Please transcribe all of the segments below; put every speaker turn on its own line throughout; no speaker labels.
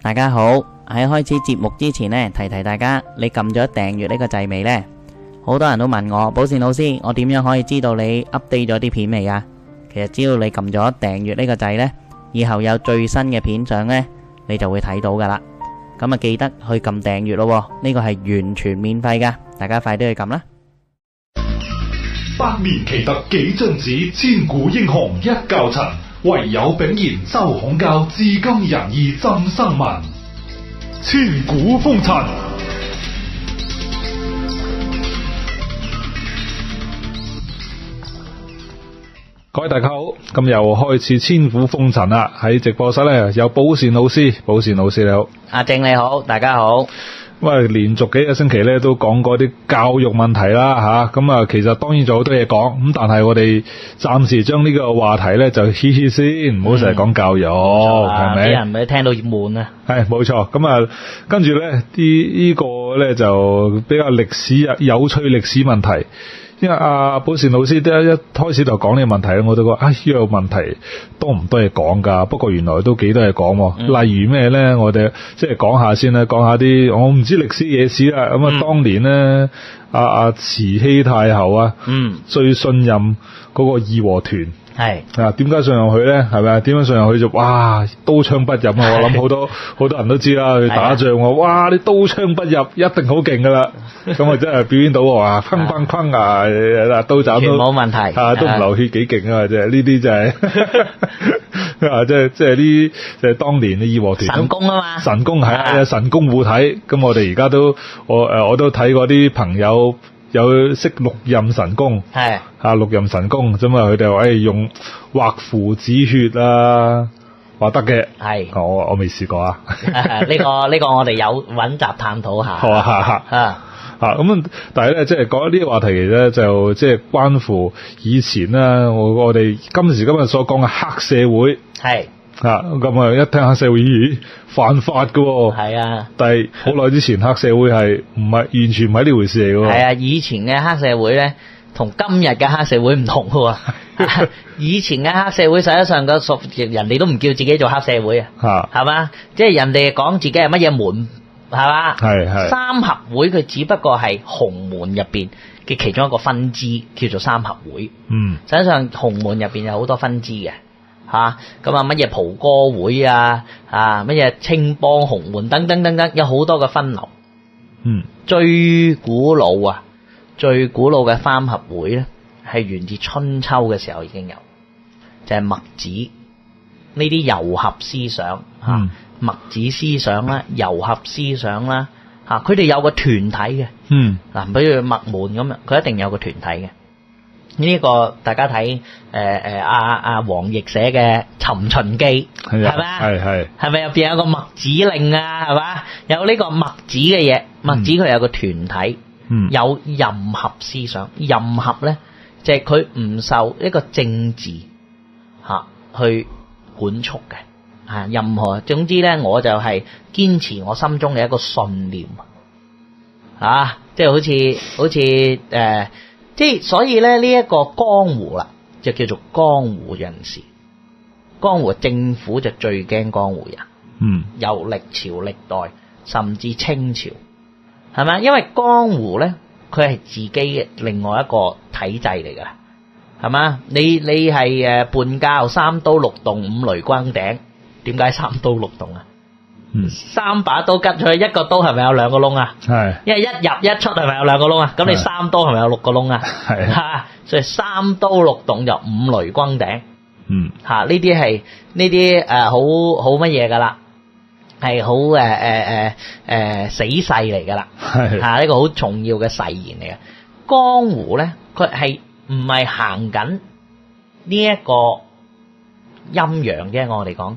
大家好，喺開始節目之前呢，提提大家，你撳咗訂閱呢個掣未呢？好多人都問我，寶善老師，我點樣可以知道你 update 咗啲片未啊？其實只要你撳咗訂閱呢個掣呢，以後有最新嘅片相呢，你就會睇到噶啦。咁啊，記得去撳訂閱咯，呢個係完全免費噶，大家快啲去撳啦。
百年奇特幾張紙，千古英雄一窖塵。唯有炳然周孔教，至今仁義浸生民，千古風塵。各位大家好。咁又開始千古風塵啦！喺直播室咧，有寶善老師，寶善老師你好，阿正你好，大家好。喂，連續幾個星期咧都講過啲教育問題啦，嚇咁啊，其實當然仲好多嘢講，咁但係我哋暫時將呢個話題咧就嘻嘻先，唔好成日講教育，係咪、嗯？俾人咪聽到厭悶啊！係冇錯，咁啊，跟住咧啲呢個咧就比較歷史啊有趣歷史問題。因為阿、啊、保善老師都一一開始就講呢個問題，我都覺啊呢、這個問題多唔多嘢講噶不過原來都幾多嘢講。嗯、例如咩呢？我哋即係講下先啦，講下啲我唔知歷史野史啊。咁、嗯、啊、嗯、當年呢，阿、啊、阿慈禧太后啊，嗯、最信任嗰個義和團。係嗱，點解是、啊、上入去咧？係咪啊？點樣上入去就是、哇，刀槍不入啊！是我諗好多好多人都知啦、啊，去打仗喎，啊、哇！你刀槍不入，一定好勁㗎啦。咁 啊，真係表演到哇，砰砰砰啊！嗱，刀斬都冇問題，嚇、啊、都唔流血，幾勁啊！即係呢啲就係、是、 啊，即係即係啲即係當年啲義和團神功啊嘛，神功係啊，神功護體。咁我哋而家都我誒我，我，我都睇過啲朋友。有識六壬神功，
係
嚇是、啊、六壬神功啫嘛！佢哋話：誒、哎、用畫符止血啊，話得嘅。係是我我未試過
啊！呢、啊啊這個呢、這個我哋有搵集探討下。
係啊啊啊！嚇，咁但係咧，即係講一啲話題咧，就即係關乎以前啦。我我哋今時今日所講嘅黑社會係。啊，咁啊，一聽黑社會咦犯法嘅喎、哦，係啊，但係好耐之前黑社會係唔係完全唔係呢回事嚟嘅喎，係啊，
以前嘅黑社會咧，同今日嘅黑社會唔同嘅喎、哦， 以前嘅黑社會實際上嘅熟人哋都唔叫自己做黑社會啊，嚇，係嘛，即係人哋講自己係乜嘢門，係嘛，係係，三合會佢只不過係洪門入邊嘅其中一個分支叫做三合會，嗯，實際上洪門入邊有好多分支嘅。嚇，咁啊，乜嘢蒲歌會啊，啊乜嘢青幫、洪門等等等等，有好多嘅分流。嗯，
最古老
啊，最古老嘅三合會咧，係源自春秋嘅時候已經有，就係、是、墨子呢啲游俠思想吓、嗯、墨子思想啦、啊，游俠思想啦吓，佢哋有個團體嘅。嗯，嗱，比如墨門咁樣，佢一定有一個團體嘅。呢、個大家睇誒誒阿阿黃易寫嘅《尋秦記》，係咪啊？係咪入邊有個墨子令啊？係嘛？有呢個墨子嘅嘢，嗯、墨子佢有個團體，嗯、有任何思想。任何咧，就係佢唔受一個政治嚇去管束嘅嚇。任何總之咧，我就係堅持我心中嘅一個信念啊，即係好似好似誒。呃即係所以咧，呢一個江湖啦，就叫做江湖人士。江湖政府就最驚江湖人。嗯，由歷朝歷代甚至清朝，係咪啊？因為江湖咧，佢係自己嘅另外一個體制嚟噶，係嘛？你你係誒叛教三刀六洞五雷轟頂，點解三刀六洞啊？三把刀拮出去，一個刀係咪有兩個窿啊？係，因為一入一出係咪有兩個窿啊？咁你三刀係咪有六個窿啊？係，吓，所以三刀六洞就五雷轟頂。嗯、啊，吓，呢啲係呢啲誒好好乜嘢噶啦？係好誒誒誒誒死誓嚟噶啦，係，吓，呢個好重要嘅誓言嚟嘅。江湖咧，佢係唔係行緊呢一個陰陽嘅？我哋講。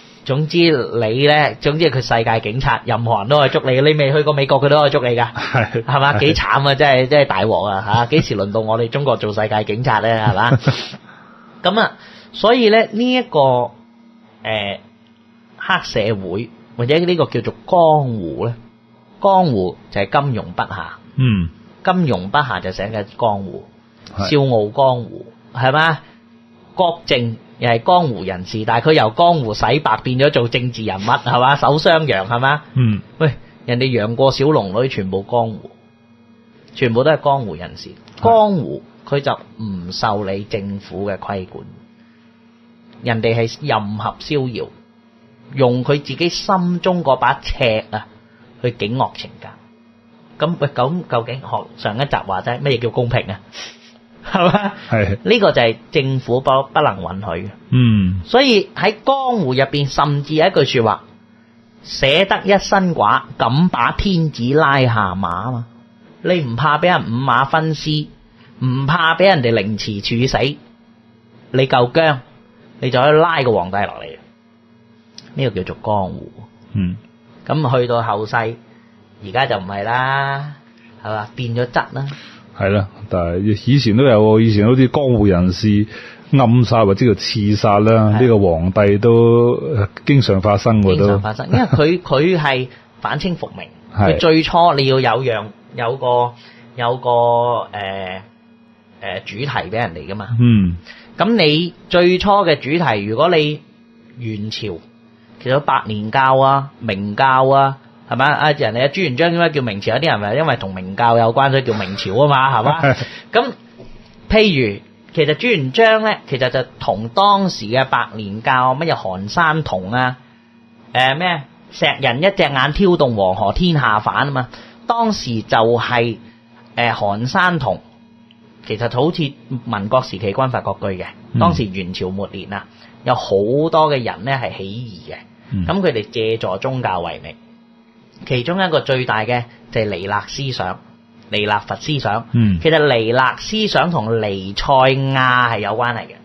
總之你咧，總之佢世界警察，任何人都可以捉你。你未去過美國，佢都可以捉你噶，係嘛？ 幾慘啊！ 真係真係大鑊啊！吓，幾時輪到我哋中國做世界警察咧？係嘛？咁 啊，所以咧呢一個誒、呃、黑社會或者呢個叫做江湖咧，江湖就係金庸筆下，嗯，金庸筆下就寫嘅江湖，笑傲是江湖係嘛？郭靖。又係江湖人士，但係佢由江湖洗白變咗做政治人物，係嘛？守襄陽，係嘛？嗯，喂，人哋楊過、小龍女全部江湖，全部都係江湖人士。江湖佢就唔受理政府嘅規管，人哋係任何逍遙，用佢自己心中嗰把尺啊去警惡懲奸。咁喂，咁究竟學上一集話齋係乜嘢叫公平啊？係嘛？係呢 個就係政府不不能允許嘅。
嗯。
所以喺江湖入邊，甚至有一句說話，捨得一身剮，敢把天子拉下馬嘛？你唔怕俾人五馬分屍，唔怕俾人哋凌遲處死，你夠薑，你就可以拉個皇帝落嚟，呢個叫做江湖。嗯。咁去到後世，而家就唔係啦，係嘛？變咗質啦。
係啦，但係以前都有，以前好似江湖人士暗殺或者叫刺殺啦，呢的個皇帝都經常發生嘅，經常發生，
因為佢佢係反清復明，
佢的最初
你要有樣有個有個誒誒、呃呃、主題俾人哋㗎嘛。嗯，咁你最初嘅主題，如果你元朝其實白蓮教啊、明教啊。係嘛？啊，人哋啊朱元璋點解叫明朝有？有啲人咪因為同明教有關，所以叫明朝啊嘛？係嘛？咁 譬如，其實朱元璋咧，其實就同當時嘅白蓮教乜嘢韓山童啊，誒、呃、咩石人一隻眼挑動黃河天下反啊嘛？當時就係誒韓山童，其實好似民國時期軍閥割據嘅。嗯、當時元朝末年啊，有好多嘅人咧係起義嘅，咁佢哋借助宗教為名。其中一個最大嘅就係彌勒思想、彌勒佛思想。嗯，其實彌勒思想同彌賽亞係有關係嘅。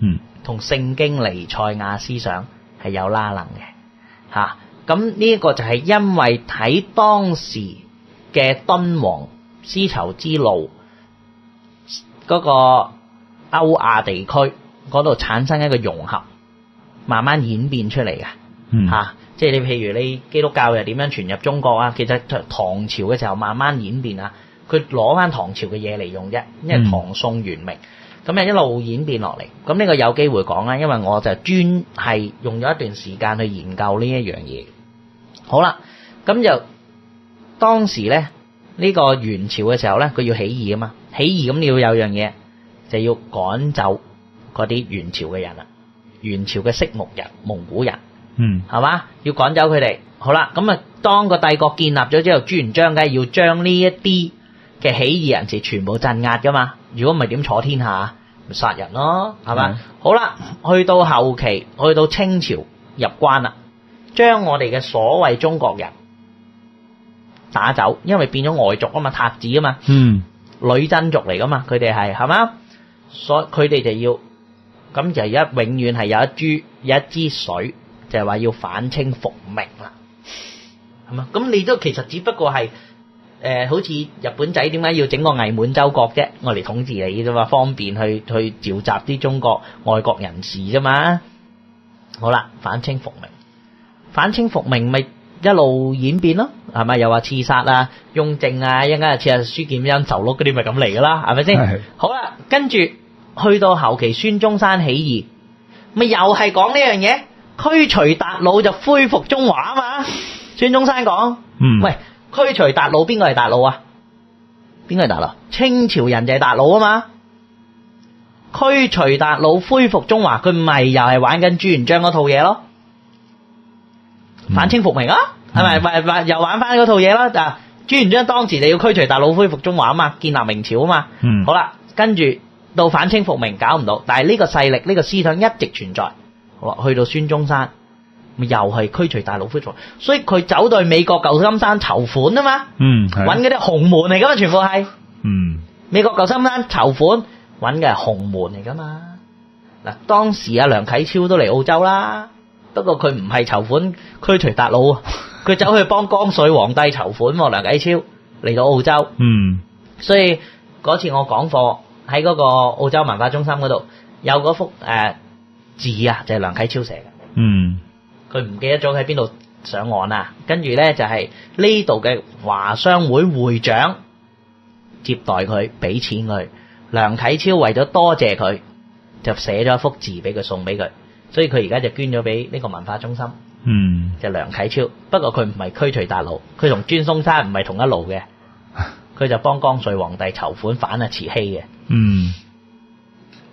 嗯，同聖經彌賽亞思想係有拉能嘅。嚇、啊，咁呢一個就係因為睇當時嘅敦煌絲綢之路嗰個歐亞地區嗰度產生一個融合，慢慢演變出嚟嘅。嚇、嗯。啊。即係你譬如你基督教又點樣傳入中國啊？其實唐朝嘅時候慢慢演變啊，佢攞翻唐朝嘅嘢嚟用啫，因為唐宋元明，咁啊、嗯、一路演變落嚟。咁呢個有機會講啦，因為我就專係用咗一段時間去研究呢一樣嘢。好啦，咁就當時咧呢、呢個元朝嘅時候咧，佢要起義啊嘛，起義咁你要有樣嘢，就要趕走嗰啲元朝嘅人啊，元朝嘅色目人、蒙古人。嗯，係嘛？要趕走佢哋。好啦，咁啊，當個帝國建立咗之後，朱元璋梗係要將呢一啲嘅起義人士全部鎮壓噶嘛。如果唔係，點坐天下？咪殺人咯，係嘛？嗯、好啦，去到後期，去到清朝入關啦，將我哋嘅所謂中國人打走，因為變咗外族啊嘛，韃子啊嘛，嗯，女真族嚟噶嘛，佢哋係，係嘛？所佢哋就要咁就一永遠係有一株有一支水。就係話要反清復明啦，係嘛？咁你都其實只不過係誒，好似日本仔點解要整個偽滿洲國啫？我嚟統治你啫嘛，方便去去召集啲中國外國人士啫嘛。好啦，反清復明，反清復明咪一路演變咯，係嘛？又話刺殺啊，雍正啊，一陣間又刺殺書劍恩仇錄嗰啲咪咁嚟噶啦，係咪先？好啦，跟住去到後期，孫中山起義咪又係講呢樣嘢。驅除韃虜就恢復中華啊嘛，孫中山講。嗯。喂，驅除韃虜邊個係韃虜啊？邊個係韃虜？清朝人就係韃虜啊嘛。驅除韃虜恢復中華，佢咪又係玩緊朱元璋嗰套嘢咯？嗯、反清復明啊？係咪？咪、嗯、又玩翻嗰套嘢啦？就朱元璋當時就要驅除韃虜恢復中華啊嘛，建立明朝啊嘛。嗯好。好啦，跟住到反清復明搞唔到，但係呢個勢力呢、呢個思想一直存在。去到孫中山，又係驅除韃虜，所以佢走對美國舊金山籌款啊嘛，嗯，
揾嗰啲
洪門嚟噶嘛，全部係，嗯，美國舊金山籌款揾嘅洪門嚟噶嘛，嗱，當時阿梁啟超都嚟澳洲啦，不過佢唔係籌款驅除韃虜。佢走去幫江水皇帝籌款，梁啟超嚟到澳洲，嗯，所以嗰次我講課喺嗰個澳洲文化中心嗰度有嗰幅誒、呃字啊，就係梁啟超寫嘅。嗯，佢唔記得咗佢喺邊度上岸啊。跟住呢，就係呢度嘅華商會會長接待佢，俾錢佢。梁啟超為咗多謝佢，就寫咗一幅字俾佢送俾佢，所以佢而家就捐咗俾呢個文化中心。嗯，就梁啟超。不過佢唔係驅除韃虜，佢同孫中山唔係同一路嘅，佢就幫光緒皇帝籌款反啊慈禧嘅。嗯。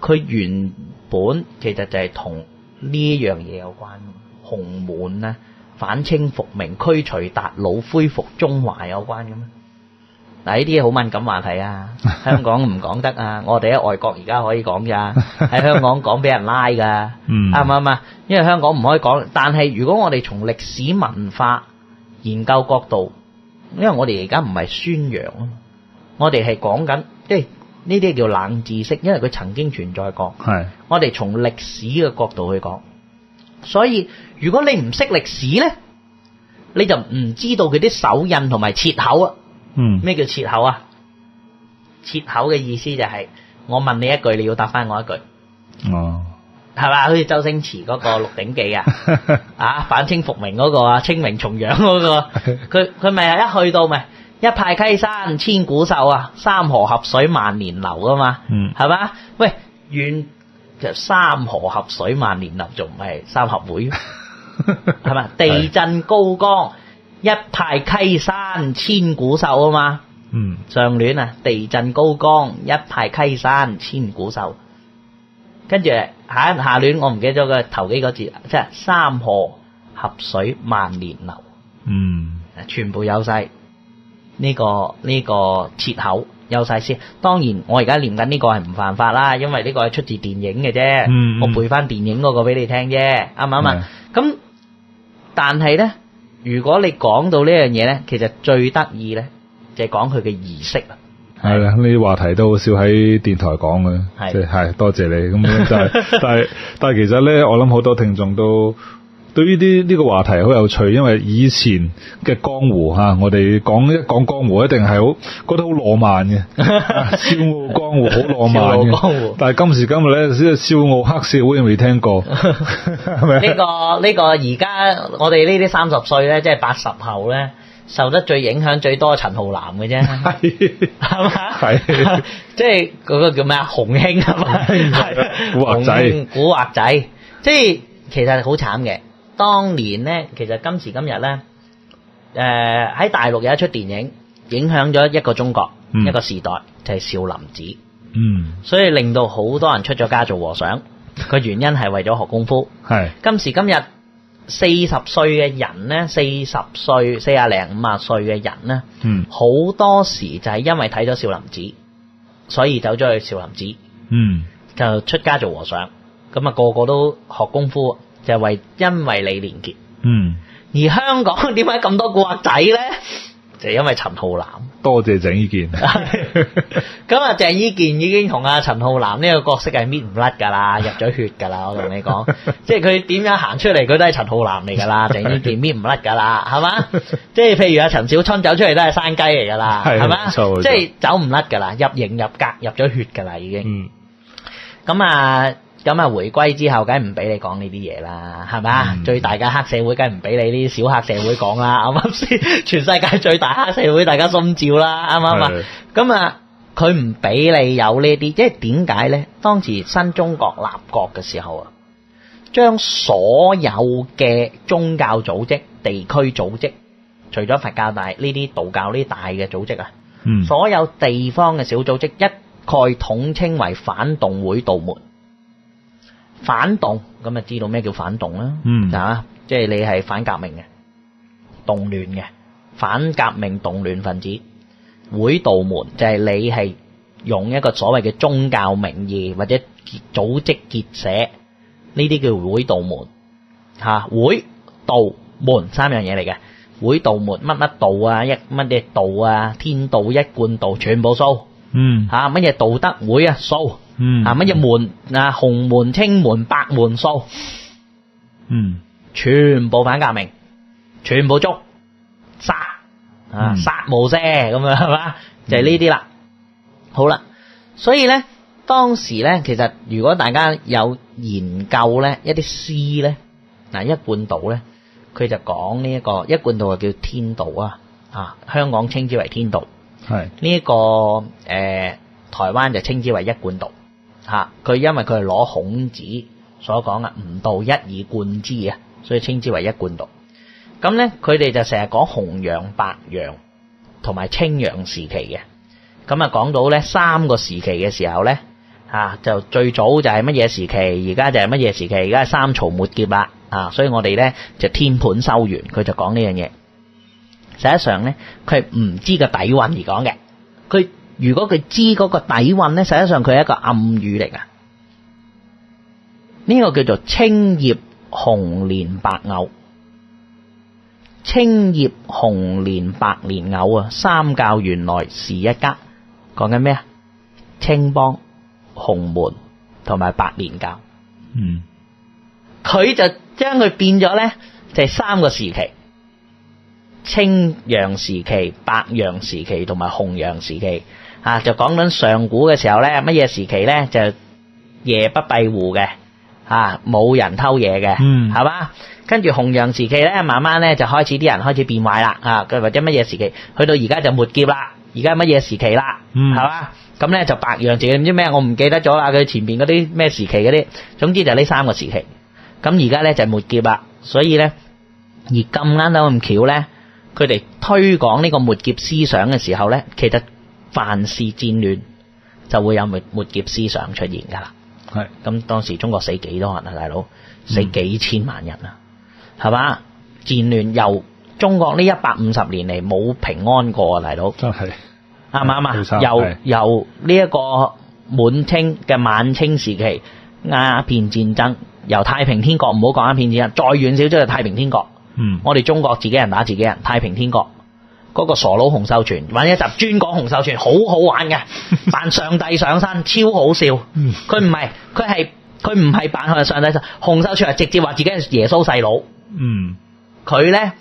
佢原本其實就係同呢樣嘢有關噶嘛，洪門反清復明、驅除韃虜，恢復中華有關嘅咩？嗱，呢啲好敏感話題啊， 香港唔講得啊，我哋喺外國而家可以講咋，喺 香港講俾人拉噶，啱唔啱啊？因為香港唔可以講，但係如果我哋從歷史文化研究角度，因為我哋而家唔係宣揚啊嘛，我哋係講緊即呢啲叫冷知識，因為佢曾經存在過。係是，我哋從歷史嘅角度去講，所以如果你唔識歷史呢，你就唔知道佢啲手印同埋切口啊。嗯，咩叫切口啊？切口嘅意思就係我問你一句，你要答翻我一句。哦，係嘛？好似周星馳嗰個《鹿鼎記》啊，啊，反清復明嗰個啊，清明重陽嗰個，佢佢咪係一去到咪？一派溪山千古秀啊，三河合水萬年流啊嘛，係嘛、嗯？喂，原三河合水萬年流仲唔係三合會？係嘛？ 地振高崗，一派溪山千古秀啊嘛，嗯，上聯啊，地振高崗，一派溪山千古秀，跟住下一下聯我唔記得咗個頭幾個字，即係三河合水萬年流，嗯，全部有晒。呢個呢個切口休曬先。當然，我而家念緊呢個係唔犯法啦，因為呢個係出自電影嘅啫。我背翻電影嗰個俾你聽啫，啱唔啱啊？咁但係咧，如果你講到呢樣嘢咧，其實最得意咧就係講佢嘅儀式啦。
係啦，呢啲話題都好少喺電台講嘅。係係，多謝你。咁就係但係但係其實咧，我諗好多聽眾都。對於啲呢個話題好有趣，因為以前嘅江湖嚇、啊，我哋講一講江湖一定係好覺得好浪漫嘅，笑傲江湖好浪漫嘅。江湖，但係今時今日咧，笑傲黑社會，未聽過，呢、 呢
個呢、呢個而家我哋呢啲三十歲咧，即係八十後咧，受得最影響最多係陳浩南嘅啫，係、 係、嘛？係， 即係嗰個叫咩啊？洪興啊嘛，古
惑仔，
古惑仔，即係其實好慘嘅。當年呢，其實今時今日呢，誒、呃、喺大陸有一出電影，影響咗一個中國、嗯、一個時代，就係、是《少林寺》。嗯，所以令到好多人出咗家做和尚，個原因係為咗學功夫。係是 今時今日，四十歲嘅人呢，四十歲四廿零五廿歲嘅人呢，好、嗯、多時就係因為睇咗《少林寺》，所以走咗去少林寺，嗯，就出家做和尚，咁啊個個都學功夫。就係為因為李連杰，嗯，而香港點解咁多古惑仔咧？就是、因為陳浩
南，多謝鄭伊健。
咁啊，鄭伊健已經同阿陳浩南呢個角色係搣唔甩噶啦，入咗血噶啦，我同你講， 即係佢點樣行出嚟，佢都係陳浩南嚟噶啦，鄭伊 健搣唔甩噶啦，係嘛？ 即係譬如阿陳小春走出嚟，都係山雞嚟噶啦，係嘛？ 即係走唔甩噶啦，入型入格入咗血噶啦，已經。嗯。咁啊。咁啊，回歸之後，梗係唔俾你講呢啲嘢啦，係咪？最大嘅黑社會，梗係唔俾你呢啲小黑社會講啦，啱唔啱先？全世界最大黑社會，大家心照啦，啱唔啱？咁啊，佢唔俾你有呢啲，即係點解咧？當時新中國立國嘅時候啊，將所有嘅宗教組織、地區組織，除咗佛教大呢啲道教呢啲大嘅組織啊，嗯，所有地方嘅小組織一概統稱為反動會道門。反動。咁啊，知道咩叫反動啦？嗯，啊，即係你係反革命嘅、動亂嘅，反革命動亂分子會道門，就係你係用一個所謂嘅宗教名義或者組織結社呢啲叫會道門吓，會道門三樣嘢嚟嘅，會道門乜乜道啊，一乜嘢道啊，天道、一貫道全部掃嗯吓，乜嘢道德會啊，掃。嗯，啊，乜嘢門啊、嗯、紅門、青門、白門數，嗯，全部反革命，全部捉殺，啊殺、嗯、無赦咁樣係嘛？就係呢啲啦。嗯、好啦，所以咧，當時咧，其實如果大家有研究？咧，一啲書咧，嗱、這個、一貫道咧，佢就講呢一個一貫道啊，叫天道啊，啊香港稱之為天道，係呢一個誒、呃、台灣就稱之為一貫道。吓，佢因為佢係攞孔子所講嘅「吾道一以貫之」啊，所以稱之為一貫道。咁咧佢哋就成日講紅陽、白陽同埋青陽時期嘅。咁啊講到咧三個時期嘅時候咧，吓就最早就係乜嘢時期？而家就係乜嘢時期？而家係三曹末劫啦，啊！所以我哋咧就天盤收完，佢就講呢樣嘢。實際上咧，佢係唔知個底蘊而講嘅，佢。如果佢知嗰個底蘊咧，實際上佢係一個暗語嚟噶。呢、這個叫做青葉紅蓮白藕，青葉紅蓮白蓮藕啊，三教原來是一家。講緊咩啊？青幫、洪門同埋白蓮教。嗯，佢就將佢變咗咧，就係三個時期：青陽時期、白陽時期同埋紅陽時期。啊！就講緊上古嘅時候咧，乜嘢時期咧就夜不閉戶嘅，啊冇人偷嘢嘅，係嘛、嗯？跟住紅陽時期咧，慢慢咧就開始啲人開始變壞啦，啊佢或者乜嘢時期？去到而家就末劫啦，而家乜嘢時期啦，係嘛、嗯？咁、嗯、咧就白羊時期唔知咩，我唔記得咗啦。佢前邊嗰啲咩時期嗰啲，總之就呢三個時期。咁而家咧就係末劫啦，所以咧而咁啱到咁巧咧，佢哋推廣呢個末劫思想嘅時候咧，其實。凡事戰亂就會有末劫思想出現㗎啦，係咁是當時中國死幾多人啊，大佬死幾千萬人啊，係嘛、嗯？戰亂由中國呢一百五十年嚟冇平安過啊，大佬真係啱唔啱啊？由由呢一個滿清嘅晚清時期，鴉片戰爭，由太平天國唔好講鴉片戰爭，再遠少少就太平天國。嗯，我哋中國自己人打自己人，太平天國。嗰個傻佬洪秀全玩一集專講洪秀全，好好玩嘅，扮上帝上山，超好笑。佢唔係，佢係佢唔係扮佢上帝上，洪秀全係直接話自己係耶穌細佬。佢、嗯、呢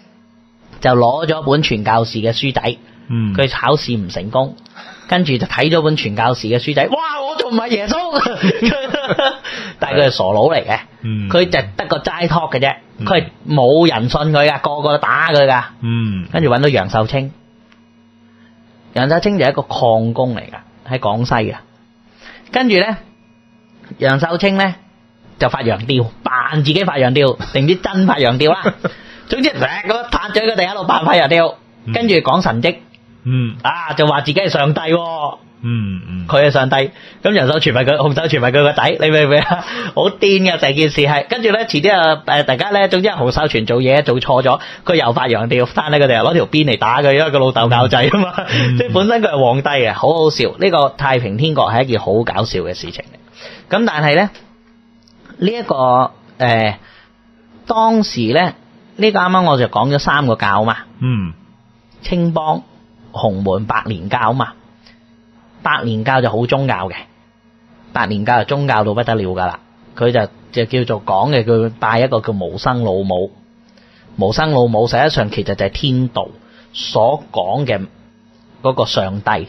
就攞咗本《全教士底》嘅書仔。嗯，佢考試唔成功，跟住就睇咗本傳教士嘅書仔，哇！我仲唔係耶穌， 但係佢係傻佬嚟嘅。嗯，佢就得個齋托嘅啫，佢係冇人信佢噶，個個都打佢噶。嗯，跟住搵到楊秀清，楊秀清就係一個礦工嚟噶，喺廣西噶。跟住咧，楊秀清咧就發洋吊，扮自己發洋吊，定啲真發洋吊啦，啊。嗯，總之，成個拍嘴佢哋一路扮發洋吊，跟住講神跡。嗯，啊，就話自己係上帝、啊嗯嗯、上帝，嗯嗯，佢係上帝，咁人手傳埋佢，洪秀全係佢個仔，你明唔明啊？好癲嘅，成件事係，跟住咧，遲啲啊，誒，大家咧，總之係洪秀全做嘢做錯咗，佢又發揚掉，翻咧，佢哋又攞條鞭嚟打佢，因為佢老豆教仔啊嘛，即係、嗯嗯、本身佢係皇帝啊，好好笑，呢、這個太平天國係一件好搞笑嘅事情，嚟。咁但係咧，呢一個誒，當時咧，呢、這個啱啱我就講咗三個教嘛，嗯，青幫。洪門白蓮教嘛，白蓮教就好宗教嘅，白蓮教就宗教到不得了噶啦，佢就就叫做講嘅，佢拜一個叫無生老母，無生老母實際上其實就係天道所講嘅嗰個上帝，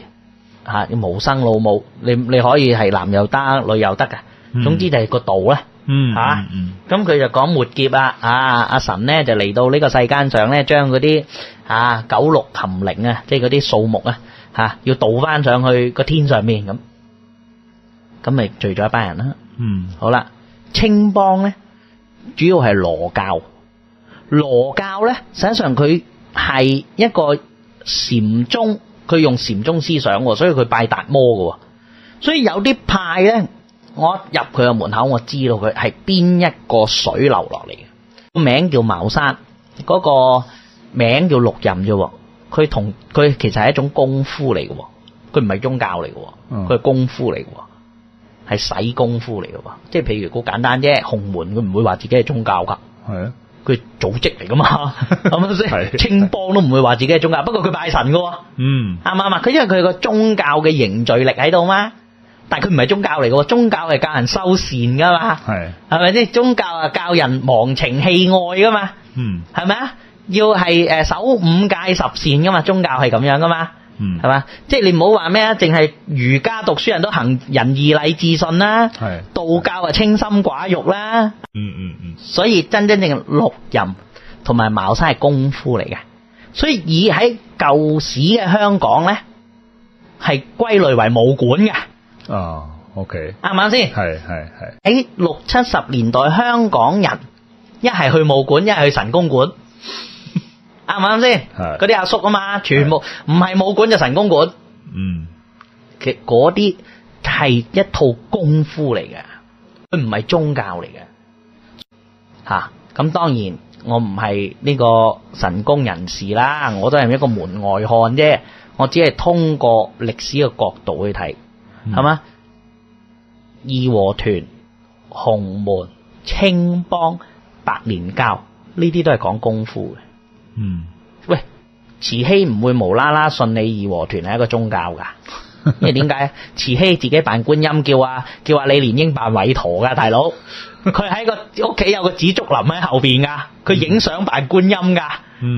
吓、啊、無生老母，你你可以係男又得，女又得噶，總之就係個道啦。嗯，嚇，咁佢就講末劫啦，啊，阿神咧就嚟到呢個世間上咧，將嗰啲啊九六琴靈啊，即係嗰啲數目啊，嚇，要倒翻上去個天上面咁，咁咪聚咗一班人啦。嗯，好啦，青幫咧，主要係羅教，羅教咧，實際上佢係一個禪宗，佢用禪宗思想喎，所以佢拜達摩嘅喎，所以有啲派咧。我一入佢嘅門口，我知道佢係邊一個水流落嚟嘅，名叫茅山，嗰、嗰個名叫六壬啫。佢同佢其實係一種功夫嚟嘅，佢唔係宗教嚟嘅，佢係功夫嚟嘅，係使功夫嚟嘅。即係譬如好簡單啫，洪門佢唔會話自己係宗教噶，係啊，佢組織嚟噶嘛，係咪先？青幫都唔會話自己係宗教，不過佢拜神嘅，
嗯，
啱唔啱？佢因為佢有個宗教嘅凝聚力喺度嘛。但係佢唔係宗教嚟嘅，宗教係教人修善噶嘛，係咪先？即係宗教啊，教人忘情棄愛噶嘛，係咪啊？要係誒守五戒十善噶嘛，宗教係咁樣噶嘛，係嘛？即係你唔好話咩啊，淨係儒家讀書人都行仁義禮智信啦，道教啊清心寡慾啦，嗯嗯嗯，所以真真正正六壬同埋茅山係功夫嚟嘅，所以以喺舊時嘅香港咧，係歸類為武館嘅。哦，OK，啱唔啱先？係係係。喺六七十年代，香港人一係去武館，一係去神功館，啱唔啱先？係嗰啲阿叔啊嘛，全部唔係武館就神功館。嗯，其嗰啲係一套功夫嚟嘅，佢唔係宗教嚟嘅。吓咁，當然我唔係呢個神功人士啦，我都係一個門外漢啫。我只係通過歷史嘅角度去睇。係嘛？義和團、洪門、青幫、白蓮教，呢啲都係講功夫嘅。嗯。喂，慈禧唔會無啦啦信你義和團係一個宗教噶，因為點解？ 慈禧自己扮觀音，叫啊叫啊李蓮英扮韋陀噶，大佬。佢喺個屋企有個紫竹林喺後邊噶，佢影相扮觀音噶，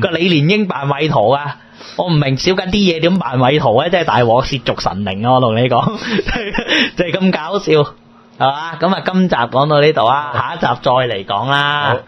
個、嗯、李蓮英扮韋陀啊。我唔明少緊啲嘢點辦位圖咧，真係大鑊褻瀆神靈啊！我同你講， 就係咁搞笑，係嘛？咁啊，今集講到呢度啊，下一集再嚟講啦。